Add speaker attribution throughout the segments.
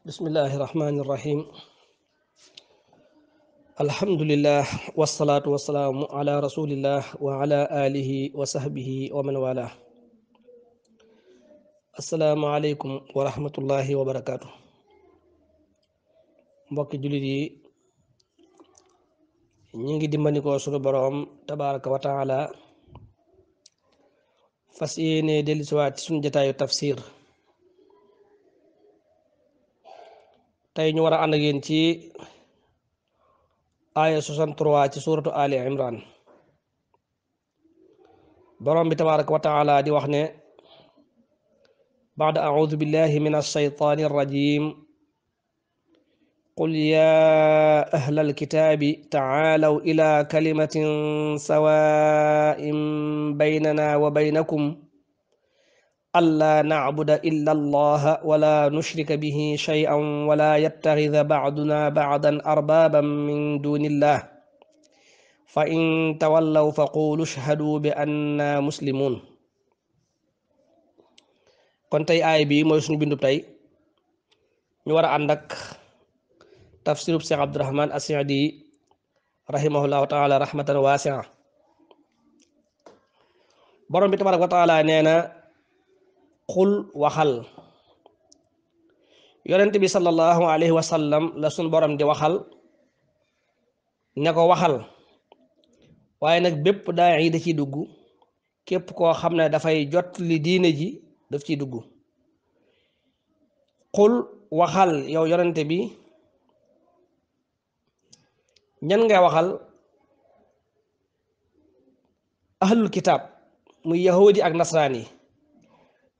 Speaker 1: bismillahi irrahmani irrahim alhamdulillah wasalaatu wasalaamu ala rasulillah wa ala wa sahbihi wa man wala asalaamu aleykum wa rahmatullahi wa barakaatu mbokki jullit yi ñi ngi dimbandikoo suñu boroom tabaraka wa taala fas yéene dellusiwaat ci suñu jataayu tafsir tey ñu war a ànd ak yéen ci aaya 63 ci suuratu ali imran borom bi tabaraka wa taala di wax ne baada audu billahi min alshaytaani arrajim qul yaa ahla alkitaabi tacaalaw ila kalimatin sawaain baynana wa baynakum ألا نعبد إلا الله ولا نشرك به شيئا ولا يتخذ بعضنا بعضا أربابا من دون الله فإن تولوا فقولوا اشهدوا بأننا مسلمون kon tey aay bii mooy suñu bindub tey ñu war a ànd ak tafsirub Cheikh Abdourahman As-Sa'di rahimahullahu taala rahmatan waasi'a borom bi tabaraka wa taala nee na xul waxal yorante bi sallallahu alayhi wa la suñ borom di waxal ne ko waxal waaye nag bépp daa yi da ciy dugg képp koo xam ne dafay jot li diine ji daf ciy dugg xul waxal yow yorante bi ñan ngay waxal ahlul kitaab muy yahudi ak nasraan yi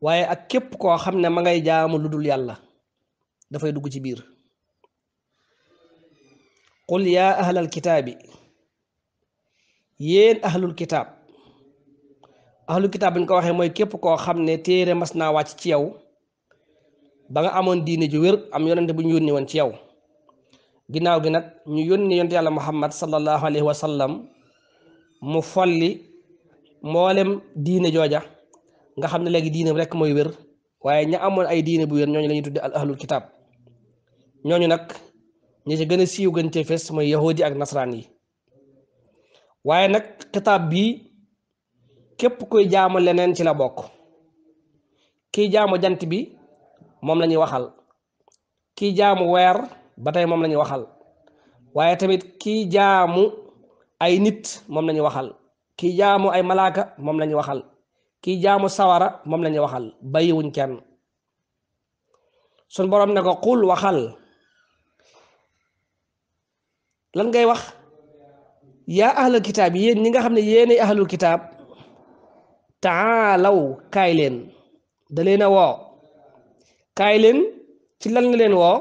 Speaker 1: waaye ak képp koo xam ne ma ngay jaamu lu dul yàlla dafay dugg ci biir qul yaa ahlal kitaabi yéen ahlul kitaab ahlul kitaab ko waxee mooy képp koo xam ne téere mas naa wàcc ci yow ba nga amoon diine ju wér am yonente bu ñu yónni woon ci yow ginnaaw gi nag ñu yónni yonte yàlla muhammad sallallahu alayhi wa sallam mu folli mboolem diine jooja nga xam ne léegi diine rek mooy wér waaye ña amoon ay diine bu wér ñooñu lañuy ñuy tudde al ahlul kitaab ñooñu nag ñi ci gën a siiw gën cee fes mooy yahudi ak nasaraan yi waaye nag kitaab bii képp kuy jaama leneen ci la bokk kiy jaamu jant bi moom la waxal kiy jaamu weer ba tey moom lañuy waxal waaye tamit ki jaamu ay nit moom lañuy waxal kiy jaamu ay malaaka moom la ñuy waxal kii jaamu sawara moom lañuy waxal bàyyiwuñ kenn suñ boroom na ko xul waxal lan ngay wax yaa ahlul kitaab yéen ñi nga xam ne yéenay ahlul kitaab taalaw kaay leen da leen a woo kaay leen ci lan nga leen woo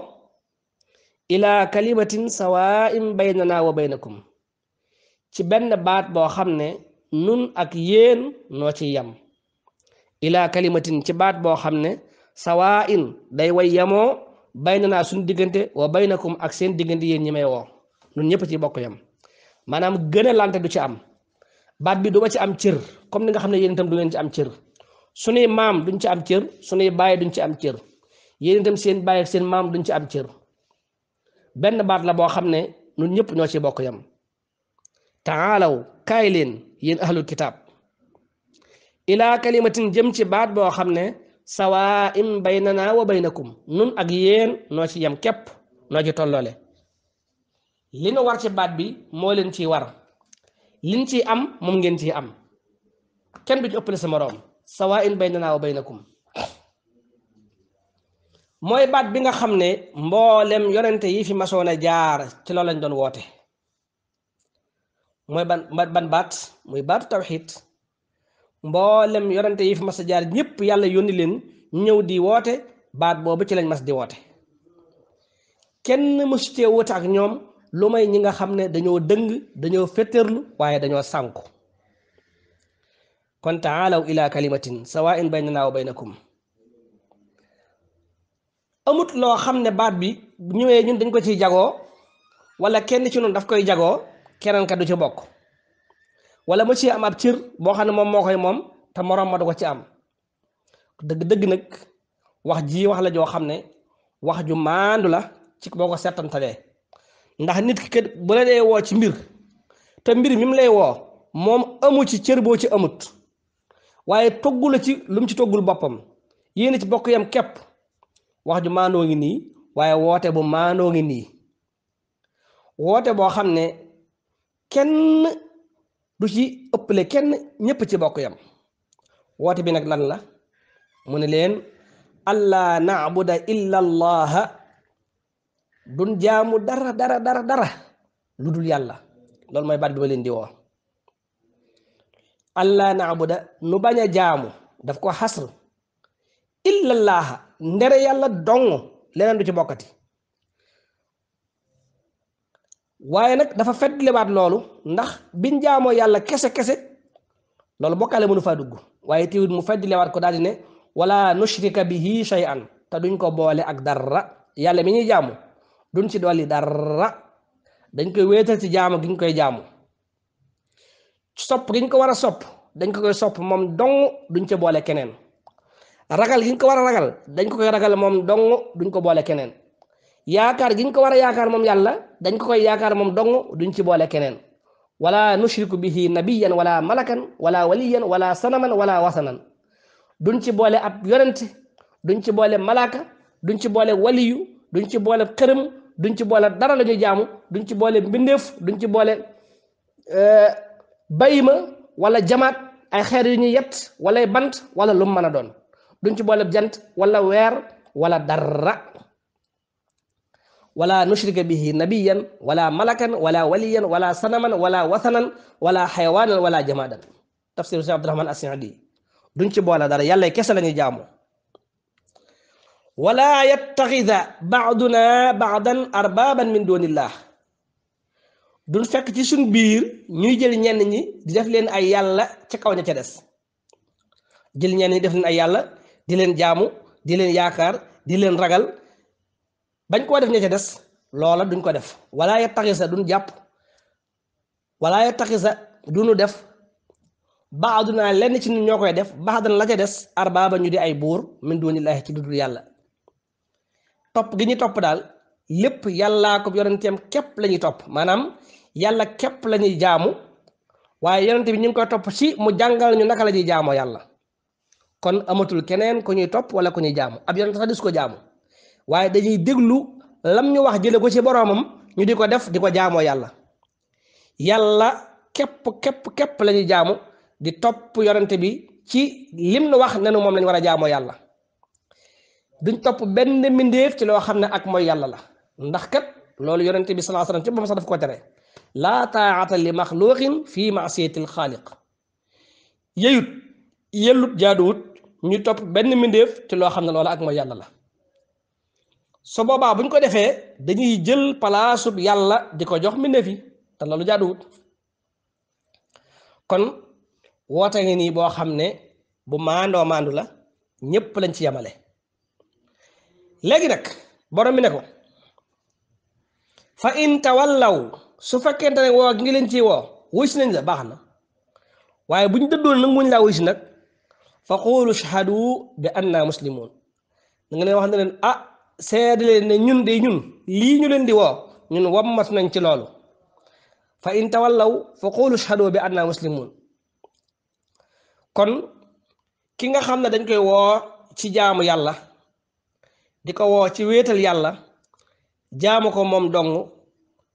Speaker 1: ila kalimatin sawaa'in baynana wa baynakum ci benn baat boo xam ne nun ak yéen noo ci yam ilaa kalimatin ci baat boo xam ne sawaa in day way yamoo bay na naa suñ diggante wa baynakum ak seen diggante yéen ñi may woo ñun ñëpp ci bokk yam maanaam gën a lante du ci am baat bi du ma ci am cër comme ni nga xam ne yéen itam du ngeen ci am cër suñuy maam duñ ci am cër suñuy baay duñ ci am cër yéen itam seen baay seen maam duñ ci am cër benn baat la boo xam ne ñun ñëpp ñoo ci bokk yam taalaw kaay leen yéen ahlul kitaab ilaa kalimatin jëm ci baat boo xam ne sawaa im baynana wa baynakum nun ak yéen noo ci yem kepp noo ci tolloole li nu war ci baat bi moo leen ci war liñ ci am moom ngeen ci am kenn du ci ëppale sa moroom sawaa in baynana wa baynakum mooy baat bi nga xam ne mboolem yonente yi fi masoon a jaar ci loolu lañ doon woote mooy ban ban baat muy baatu tawxiid mboolem yorante yi fi mas a jaar ñëpp yàlla yónni leen ñëw di woote baat boobu ci lañ mas di woote kenn mësutee woote ak ñoom lu may ñi nga xam ne dañoo dëng dañoo féttéerlu waaye dañoo sànku kon taalaw ila kalimatin sawaa'in bay wa baynakum amut loo xam ne baat bi ñëwee ñun dañ ko ciy jagoo walla kenn ci noonu daf koy jagoo keneen ka du ci bokk wala ma ci am ab cër boo xam ne moom moo koy moom te moroom ma du ko ci am dëgg dëgg nag wax ji wax la joo xam ne wax ju maandu la ci boo ko settantalee ndax nit ki bu la dee woo ci mbir te mbir mi mu lay woo moom amu ci cër boo ci amut waaye toggu ci lum ci toggul boppam yéen ci bokk yam képp wax ju maandoo ngi nii waaye woote bu maandoo ngi nii woote boo xam ne kenn du ci ëppale kenn ñépp ci bokk yam woote bi nag lan la mu ne leen allaa naabuda illa allaha dun jaamu dara dara dara dara lu dul yàlla loolu mooy baat leen di woo allaa naabuda nu bañ a jaamu daf ko xasr illa allaha ndere yàlla dong leneen du ci bokkati waaye nag dafa fetliwaat loolu ndax biñ jaamoo yàlla kese kese loolu bokkaale munu faa dugg waaye tiwit mu fetliwaat ko daal di ne bi nushrika bihi shay'an te duñ ko boole ak dara yàlla mi ñuy jaamu duñ ci dolli dara dañ koy wéetal ci jaamu giñ koy jaamu sopp giñ ko war a sopp dañ ko koy sopp moom dong duñ ci boole keneen ragal giñ ko war a ragal dañ ko koy ragal moom dong duñ ko boole keneen yaakaar gi ko war a yaakaar moom yàlla dañ ko koy yaakaar moom dong duñ ci boole keneen wala nushriku bihi nabiyan wala malakan wala waliyan wala sanaman wala wasanan duñ ci boole ab yonent duñ ci boole malaaka duñ ci boole waliyu duñ ci boole xërëm duñ ci boole dara la ñuy jaamu duñ ci boole mbindeef duñ ci boole euh, bayima wala jamaat ay xeer yu ñuy yett wala bant wala lu mën a doon duñ ci boole jant wala weer wala dara wala nushrika bihi nabiyan wala malakan wala waliyan wala sanaman wala wasanan wala xayawaanan wala jamaadan tafsir Cheikh Abdurahman As-Saadi duñ ci boole dara yàlla kese lañuy ñuy jaamu wala yattaxida baaduna baadan arbaaban min dunillah duñ fekk ci suñ biir ñuy jël ñenn ñi di def leen ay yàlla ci kaw ña ca des jël ñenn ñi def leen ay yàlla di leen jaamu di leen yaakaar di leen ragal bañ koo def ña ca des loola duñ ko def wala yattaxisa duñ jàpp wala yattaxisa duñu def baaduna lenn ci ñoo koy def baadan la ca des arbaaba ñu di ay buur mu min duunillaahi ci dudul yàlla topp gi ñu topp daal lépp yàllaa ko yonenteem képp lañuy topp maanaam yàlla képp lañuy jaamu waaye yonente bi ñu ngi koy topp ci mu jàngal ñu naka la ñuy jaamoo yàlla kon amatul keneen ku ñuy topp wala ku ñuy jaamu ab yonente sax dis ko jaamu waaye dañuy déglu lam ñu wax jële ko ci boroomam ñu di ko def di ko jaamoo yàlla yàlla képp képp képp la jaamu di topp yonente bi ci lim nu wax nanu moom lañ war a jaamoo yàlla duñ topp benn mbindeef ci loo xam ne ak mooy yàlla la ndax kat loolu yonente bi sallallahu alayhi wasallam ci boppam sax daf ko tere laa taa'ata li maxluqin fi ma'siyatil xaaliq yeyut yellut jaaduwut ñu topp benn mbindeef ci loo xam ne loola ak mooy yàlla la su boobaa bu ñu ko defee dañuy jël palaasub yàlla di ko jox mbindeef fi te loolu jaaduwut kon woote ngi nii boo xam ne bu maandoo maandu la ñépp lañ ci yemale léegi nag boroom bi ne ko fa in law su fekkee ne woo ngi leen ci woo wuy si nañ la baax na waaye bu ñu dëddoon nag muñ laa wuy si nag fa quulu bi anna muslimun da leen wax ne leen ah, seede leen ne ñun de ñun lii ñu leen di woo ñun wammat nañ ci loolu fa in tawallaw fa qulu shahadu bi anna muslimun kon ki nga xam ne dañ koy woo ci jaamu yàlla di ko woo ci wéetal yàlla jaamu ko moom dong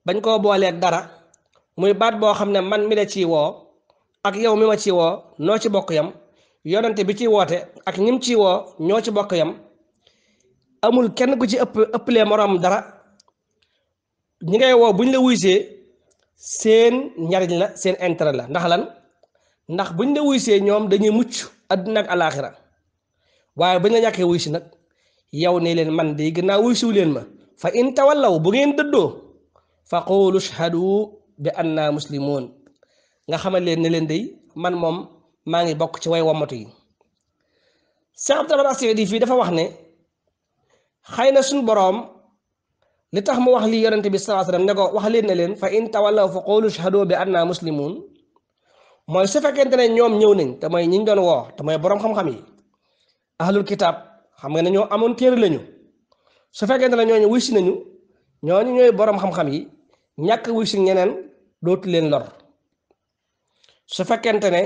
Speaker 1: bañ koo booleeg dara muy baat boo xam ne man mi la ciy woo ak yow mi ma ci woo noo ci bokk yam yonante bi ciy woote ak ñim ciy woo ñoo ci bokk yam amul kenn ku ci ëpp ëpp ëpplee moroom dara ñi ngay woo buñ la wuysee seen njariñ la seen intérêt la ndax lan ndax buñ la wuysee ñoom dañuy mucc àdduna ak alaaxira waaye buñ la ñàkkee wuysi nag yow ne leen man dey gannaaw wuysiwu leen ma fa in tawallaw bu ngeen dëddoo fa qulu ashhadu bi anna muslimun nga xamal leen ne leen day man moom maa ngi bokk ci way wamatu yi Cheikh Abdoulaye Asiydi fii dafa wax ne xëy na suñ boroom li tax mu wax lii yonente bi sallallahu alayhi ne ko wax leen ne leen fa in tawallaw fa qulu shahadu bi anna muslimun mooy su fekkente ne ñoom ñëw nañ te mooy ñi ñu doon woo te mooy boroom xam-xam yi ahlul kitab xam nga ne amoon téere lañu su fekkente ne ñooñu wuysi nañu ñooñu ñooy boroom xam yi ñàkk wuysi ñeneen dootu leen lor su fekkente ne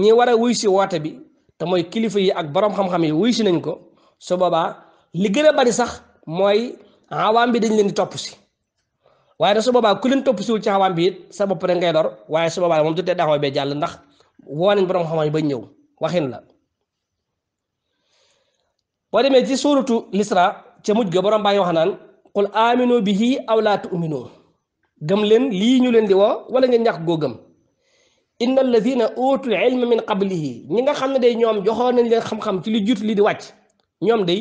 Speaker 1: ñi war a si woote bi te mooy kilifa yi ak boroom xam-xam yi si nañ ko su boobaa li gën a bari sax mooy awaam dañ leen di topp si waaye nag su boobaa ku leen topp siwul ci awaam sa bopp rek ngay lor waaye su boobaa moom tuddee daxaw bee jàll ndax woo borom xam-xam ba ñëw waxin la boo demee ci suuratu lisra ca mujj ga borom baa ngi wax naan bi aaminu bihi aw laa tu'minu gëm leen lii ñu leen di woo wala nga ñàkk goo gëm inna alladina utul ilma min qablihi ñi nga xam ne day ñoom joxoon nañ leen xam ci li jiitu li di wàcc ñoom day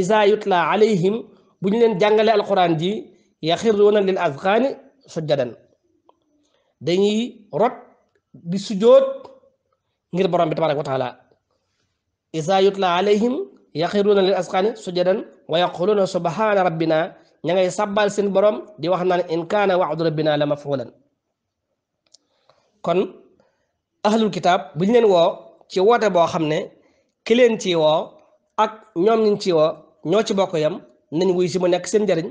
Speaker 1: isa yutla alayhim bu ñu leen jàngalee alquran ji yaxiruuna lil azqaani sujjadan dañuy rot di sujoot ngir borom bi tabaraka wa taala isa yutla alayhim yaxiruuna lil azqaani sujjadan wa yaquluuna subhaana rabbina ña ngay sabbal seen borom di wax naan in kaana waadu rabbina la mafulan kon ahlul kitaab bu ñu leen woo ci woote boo xam ne ki ci woo ak ñoom ñiñ ci woo ñoo ci bokk yam nañ wuy si mu nekk seen njariñ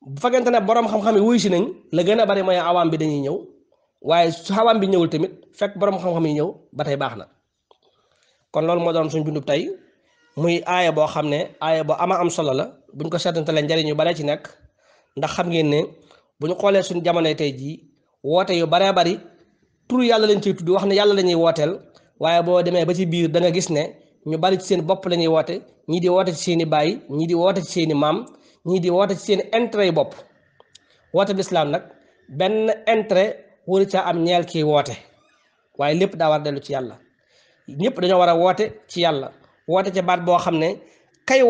Speaker 1: bu fekkente ne boroom xam-xam yi wuy si nañ la gën a bari mooy awaam bi dañuy ñëw waaye su awaam bi ñëwul tamit fekk borom xam-xam yi ñëw ba tey baax na kon loolu moo doon suñ bindub tey muy aaye boo xam ne aaye boo ama am solo la buñ ko seetantalee njariñ yu bare ci nekk ndax xam ngeen ne bu xoolee suñ jamonoy tey jii woote yu baree bari tur yàlla lañ ciy tudd wax ne yàlla lañuy wooteel waaye boo demee ba ci biir da nga gis ne ñu bari ci seen bopp lañuy woote ñii di woote ci seen i baay ñii di woote ci seeni maam ñii di woote ci seen i yi bopp woote bi islaam nag benn intérêt waru caa am ñeel kii woote waaye lépp daa war dellu ci yàlla ñëpp dañoo war a woote ci yàlla woote ca baat boo xam ne kay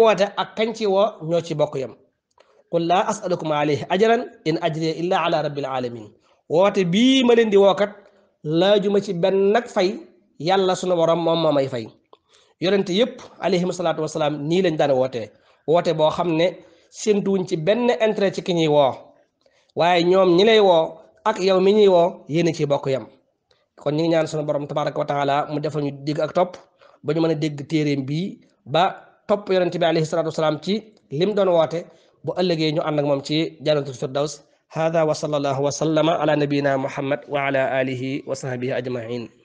Speaker 1: ak kañ ci ñoo ci bokk yam qul laa asalukum alayhi ajran in ajriya illaa woote bii ma leen di wookat laaju ma ci benn nag fay yàlla sunu borom moom moo may fay yonent yëpp alayhim salaatu wasalaam nii lañ daan wootee woote boo xam ne séntuwuñ ci benn intérêt ci ki ñuy woo waaye ñoom ñi lay woo ak yow mi ñuy woo yéen ci bokk yam kon ñu ngi ñaan sunu borom tabaraka wa taala mu defal ñu dégg ak topp ba ñu mën a dégg téeréem bii ba topp yonent bi alayhi salaatu wasalaam ci lim doon woote bu ëllëgee ñu ànd ak moom ci jannatul firdaws hada wa sallallahu wa sallama ala nabiyina muhammad wa ala alihi wa sahbihi ajmain